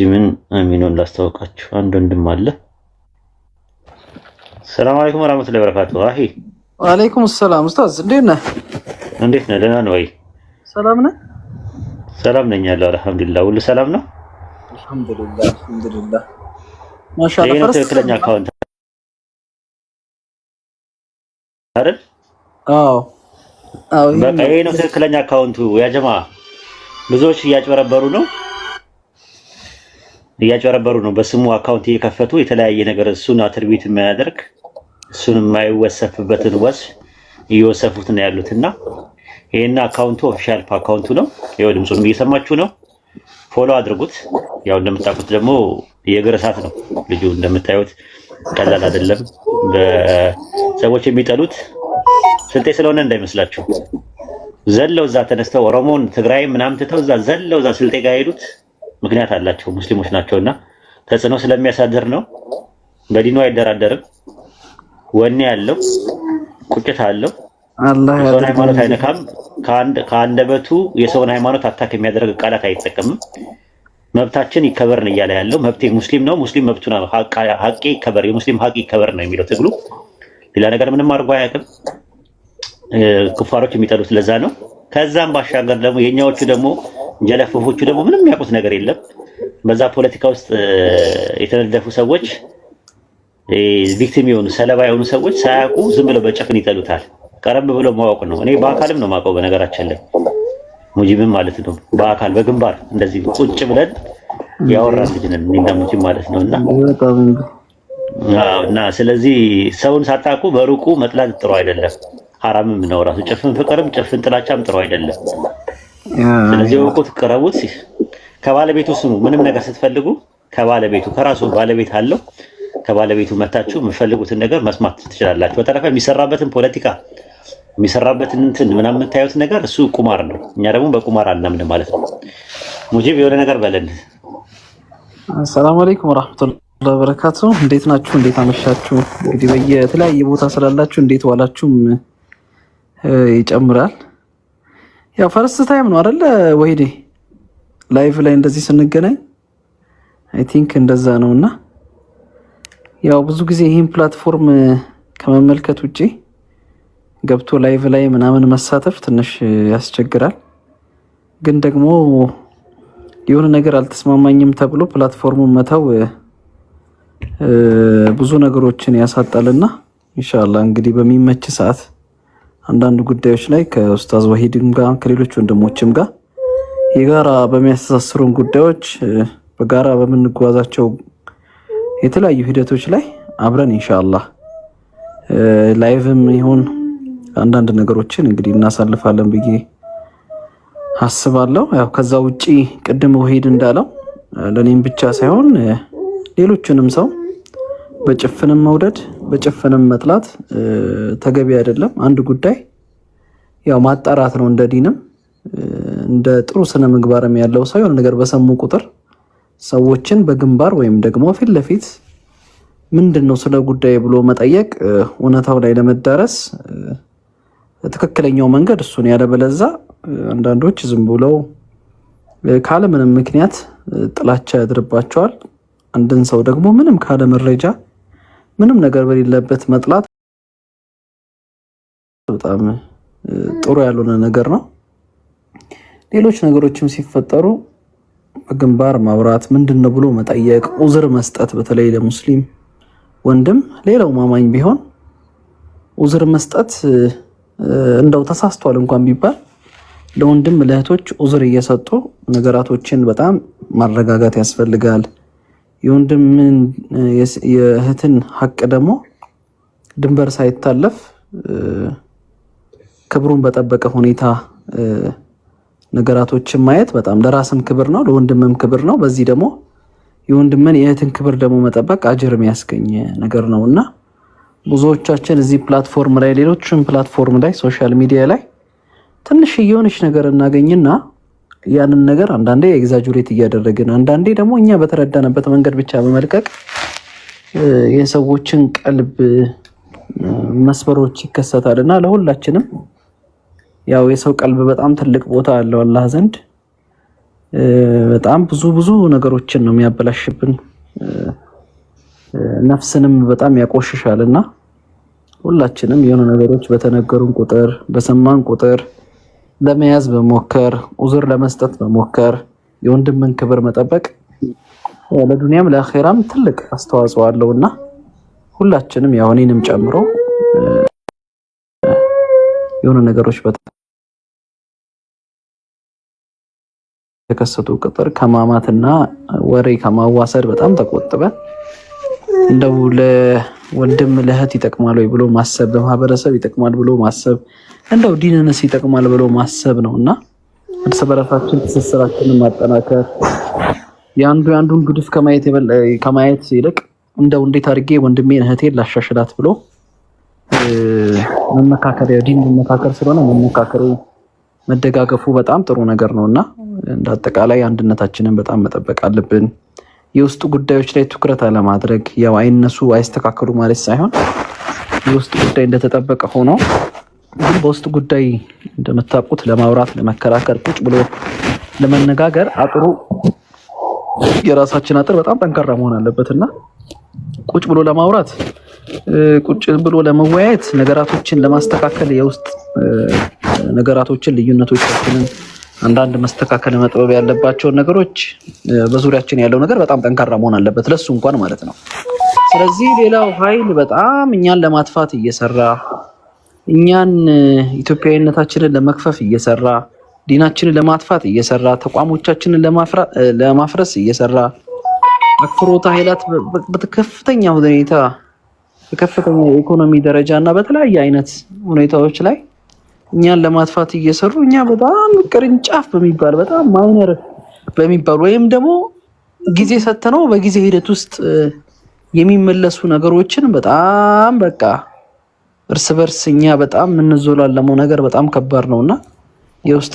ጂምን አሚኖን ላስታውቃችሁ። አንድ ወንድም አለ። ሰላም አለይኩም ወራህመቱላሂ ወበረካቱ። አሂ ወአለይኩም ሰላም። ኡስታዝ እንዴት ነህ? እንዴት ነህ? ደህና ነው ወይ? ሰላም ነህ? ሰላም ነኝ ያለው አልሐምዱሊላህ። ሁሉ ሰላም ነው? አልሐምዱሊላህ አልሐምዱሊላህ። ማሻአላ ፈረስ ይሄ ነው ትክክለኛ አካውንቱ። ያ ብዙዎች እያጭበረበሩ ነው እያጨረበሩ ነው። በስሙ አካውንት እየከፈቱ የተለያየ ነገር እሱን አትርቢት የሚያደርግ እሱን የማይወሰፍበትን ወስ እየወሰፉት ነው ያሉት እና ይህና አካውንቱ ኦፊሻል አካውንቱ ነው። ይኸው ድምፁንም እየሰማችሁ ነው። ፎሎ አድርጉት። ያው እንደምታውቁት ደግሞ የእግር እሳት ነው ልጁ እንደምታዩት፣ ቀላል አይደለም። ሰዎች የሚጠሉት ስልጤ ስለሆነ እንዳይመስላችሁ ዘለው እዛ ተነስተው ኦሮሞን ትግራይ ምናምን ትተው እዛ ዘለው እዛ ስልጤ ጋር ሄዱት ምክንያት አላቸው ሙስሊሞች ናቸውና ተጽዕኖ ስለሚያሳድር ነው። በዲኑ አይደራደርም። ወኔ ያለው ቁጭት አለው። የሰውን ሃይማኖት አይነካም። ከአንደበቱ የሰውን ሃይማኖት አታክ የሚያደርግ ቃላት አይጠቀምም። መብታችን ይከበርን እያለ ያለው መብቴ ሙስሊም ነው፣ ሙስሊም መብቱ ነው፣ ሀቄ ይከበር፣ የሙስሊም ሀቅ ይከበር ነው የሚለው ትግሉ። ሌላ ነገር ምንም አድርጎ አያውቅም። ክፋሮች የሚጠሉት ለዛ ነው። ከዛም ባሻገር ደግሞ የእኛዎቹ ደግሞ ጀለፎፎቹ ደግሞ ምንም የሚያውቁት ነገር የለም። በዛ ፖለቲካ ውስጥ የተነደፉ ሰዎች ቪክቲም የሆኑ ሰለባ የሆኑ ሰዎች ሳያውቁ ዝም ብለው በጭፍን ይጠሉታል። ቀረብ ብሎ ማወቅ ነው። እኔ በአካልም ነው ማውቀው። በነገራችን ላይ ሙጂብም ማለት ነው። በአካል በግንባር እንደዚህ ቁጭ ብለን ያወራ ልጅ ነን እንደ ሙጂብ ማለት ነው። እና እና ስለዚህ ሰውን ሳታውቁ በሩቁ መጥላት ጥሩ አይደለም፣ ሐራምም ነው ራሱ። ጭፍን ፍቅርም ጭፍን ጥላቻም ጥሩ አይደለም። ስለዚህ ወቁት፣ ሲል ከባለቤቱ ስሙ። ምንም ነገር ስትፈልጉ ከባለቤቱ ከራሱ ባለቤት አለው። ከባለቤቱ መታችሁ የምፈልጉትን ነገር መስማት ትችላላችሁ። በተረፈ የሚሰራበትን ፖለቲካ የሚሰራበትን እንትን ምናምን የምታዩት ነገር እሱ ቁማር ነው። እኛ ደግሞ በቁማር አናምን ማለት ነው። ሙጂብ የሆነ ነገር በለን። አሰላሙ አለይኩም ወራህመቱላሂ ወበረካቱ። እንዴት ናችሁ? እንዴት አመሻችሁ? እንግዲህ በየተለያየ ቦታ ስላላችሁ እንዴት ዋላችሁም ይጨምራል ያው ፈርስት ታይም ነው አደለ ወሂዴ ላይቭ ላይ እንደዚህ ስንገናኝ አይ ቲንክ እንደዛ ነው። እና ያው ብዙ ጊዜ ይህን ፕላትፎርም ከመመልከት ውጪ ገብቶ ላይቭ ላይ ምናምን መሳተፍ ትንሽ ያስቸግራል። ግን ደግሞ የሆነ ነገር አልተስማማኝም ተብሎ ፕላትፎርሙን መተው ብዙ ነገሮችን ያሳጣልና ኢንሻአላህ እንግዲህ በሚመች ሰዓት አንዳንድ ጉዳዮች ላይ ከኡስታዝ ወሂድም ጋር ከሌሎች ወንድሞችም ጋር የጋራ በሚያስተሳስሩን ጉዳዮች በጋራ በምንጓዛቸው የተለያዩ ሂደቶች ላይ አብረን ኢንሻአላህ ላይቭም ይሁን አንዳንድ ነገሮችን እንግዲህ እናሳልፋለን ብዬ አስባለሁ። ያው ከዛ ውጪ ቅድም ወሂድ እንዳለው ለእኔም ብቻ ሳይሆን ሌሎችንም ሰው በጭፍንም መውደድ በጭፍንም መጥላት ተገቢ አይደለም። አንድ ጉዳይ ያው ማጣራት ነው። እንደ ዲንም እንደ ጥሩ ስነ ምግባርም ያለው ሰው የሆነ ነገር በሰሙ ቁጥር ሰዎችን በግንባር ወይም ደግሞ ፊት ለፊት ምንድን ነው ስለ ጉዳይ ብሎ መጠየቅ እውነታው ላይ ለመዳረስ ትክክለኛው መንገድ እሱን። ያለበለዛ አንዳንዶች ዝም ብለው ካለምንም ምክንያት ጥላቻ ያድርባቸዋል። አንድን ሰው ደግሞ ምንም ካለ መረጃ ምንም ነገር በሌለበት መጥላት በጣም ጥሩ ያልሆነ ነገር ነው። ሌሎች ነገሮችም ሲፈጠሩ በግንባር ማብራት ምንድን ነው ብሎ መጠየቅ፣ ኡዝር መስጠት፣ በተለይ ለሙስሊም ወንድም ሌላው ማማኝ ቢሆን ኡዝር መስጠት እንደው ተሳስቷል እንኳን ቢባል ለወንድም ለእህቶች ኡዝር እየሰጡ ነገራቶችን በጣም ማረጋጋት ያስፈልጋል። የወንድምን የእህትን ሀቅ ደግሞ ድንበር ሳይታለፍ ክብሩን በጠበቀ ሁኔታ ነገራቶችን ማየት በጣም ለራስም ክብር ነው፣ ለወንድምም ክብር ነው። በዚህ ደግሞ የወንድምን የእህትን ክብር ደግሞ መጠበቅ አጅር የሚያስገኝ ነገር ነው እና ብዙዎቻችን እዚህ ፕላትፎርም ላይ ሌሎችም ፕላትፎርም ላይ ሶሻል ሚዲያ ላይ ትንሽ የሆነች ነገር እናገኝና ያንን ነገር አንዳንዴ ኤግዛጁሬት እያደረግን፣ አንዳንዴ ደግሞ እኛ በተረዳንበት መንገድ ብቻ በመልቀቅ የሰዎችን ቀልብ መስበሮች ይከሰታል እና ለሁላችንም ያው የሰው ቀልብ በጣም ትልቅ ቦታ አለው አላህ ዘንድ። በጣም ብዙ ብዙ ነገሮችን ነው የሚያበላሽብን፣ ነፍስንም በጣም ያቆሽሻል እና ሁላችንም የሆኑ ነገሮች በተነገሩን ቁጥር በሰማን ቁጥር ለመያዝ መሞከር፣ ዑዝር ለመስጠት መሞከር፣ የወንድምን ክብር መጠበቅ ለዱንያም ለአኼራም ትልቅ አስተዋጽኦ አለው እና ሁላችንም ያው እኔንም ጨምሮ የሆነ ነገሮች በተከሰቱ ቁጥር ከማማትና ወሬ ከማዋሰድ በጣም ተቆጥበን እንደው ወንድም ለእህት ይጠቅማል ወይ ብሎ ማሰብ፣ ለማህበረሰብ ይጠቅማል ብሎ ማሰብ፣ እንደው ዲንንስ ይጠቅማል ብሎ ማሰብ ነው እና እርስ በረሳችን ትስስራችንን ማጠናከር የአንዱ የአንዱን ጉድፍ ከማየት ይልቅ እንደው እንዴት አድርጌ ወንድሜን እህቴን ላሻሽላት ብሎ መመካከር ዲን መመካከር ስለሆነ መመካከሩ መደጋገፉ በጣም ጥሩ ነገር ነው እና እንደ አጠቃላይ አንድነታችንን በጣም መጠበቅ አለብን። የውስጥ ጉዳዮች ላይ ትኩረት አለማድረግ ያው አይነሱ አይስተካከሉ ማለት ሳይሆን የውስጥ ጉዳይ እንደተጠበቀ ሆኖ ግን በውስጥ ጉዳይ እንደምታውቁት ለማውራት፣ ለመከራከር፣ ቁጭ ብሎ ለመነጋገር አጥሩ የራሳችን አጥር በጣም ጠንካራ መሆን አለበት እና ቁጭ ብሎ ለማውራት፣ ቁጭ ብሎ ለመወያየት፣ ነገራቶችን ለማስተካከል የውስጥ ነገራቶችን ልዩነቶቻችንን አንዳንድ መስተካከል መጥበብ ያለባቸውን ነገሮች በዙሪያችን ያለው ነገር በጣም ጠንካራ መሆን አለበት፣ ለሱ እንኳን ማለት ነው። ስለዚህ ሌላው ኃይል በጣም እኛን ለማጥፋት እየሰራ እኛን ኢትዮጵያዊነታችንን ለመክፈፍ እየሰራ ዲናችንን ለማጥፋት እየሰራ ተቋሞቻችንን ለማፍረስ እየሰራ አክፍሮተ ኃይላት በከፍተኛ ሁኔታ በከፍተኛ የኢኮኖሚ ደረጃ እና በተለያየ አይነት ሁኔታዎች ላይ እኛን ለማጥፋት እየሰሩ እኛ በጣም ቅርንጫፍ በሚባል በጣም ማይነር በሚባል ወይም ደግሞ ጊዜ ሰተነው በጊዜ ሂደት ውስጥ የሚመለሱ ነገሮችን በጣም በቃ እርስ በርስ እኛ በጣም የምንዞላለመው ነገር በጣም ከባድ ነው እና የውስጥ